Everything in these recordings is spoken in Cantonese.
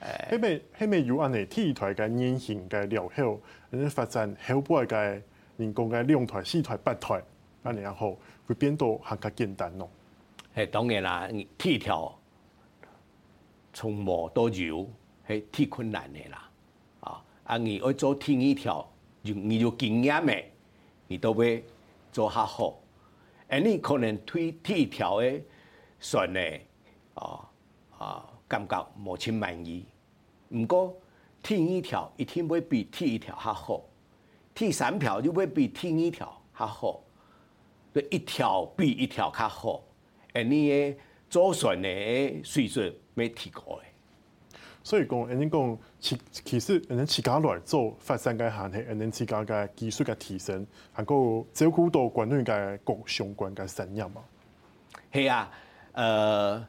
咁咪咁咪要按你梯台嘅年限嘅療效，咁你發展後背嘅人工嘅兩台、四台、八台，咁你又好會變到更加簡單咯。係當然啦，鐵條從無到有係鐵困難嘅啦。啊，阿你要做梯一條，就你就經驗嘅，你都會做下好。誒，你可能推鐵條嘅算嘅，啊啊！感覺冇千萬二，唔過第一條，一定會比第一條較好，第三條就會比第一條較好，即一條比一條較好，而你嘅造船嘅水準咪提高嘅，所以講，所以講其其實，你自家來做發生嘅問題，你自家嘅技術嘅提升，係個政府都關心嘅各相關嘅產業嘛？係啊，誒、呃。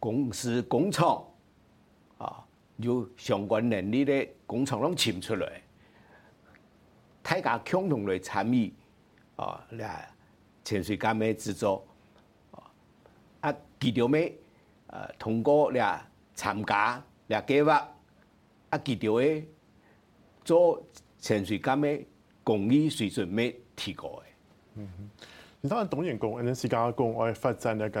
公司工廠啊，有相關能力的工廠都請出來，大家共同來參與啊，嚟潛水艦嘅製作啊，啊，幾條尾，啊，通過咧參加咧計劃啊，幾條尾，做潛水艦嘅工藝水準咪提高嘅。嗯，你睇下東員工，嗰陣時加工我哋發展、這個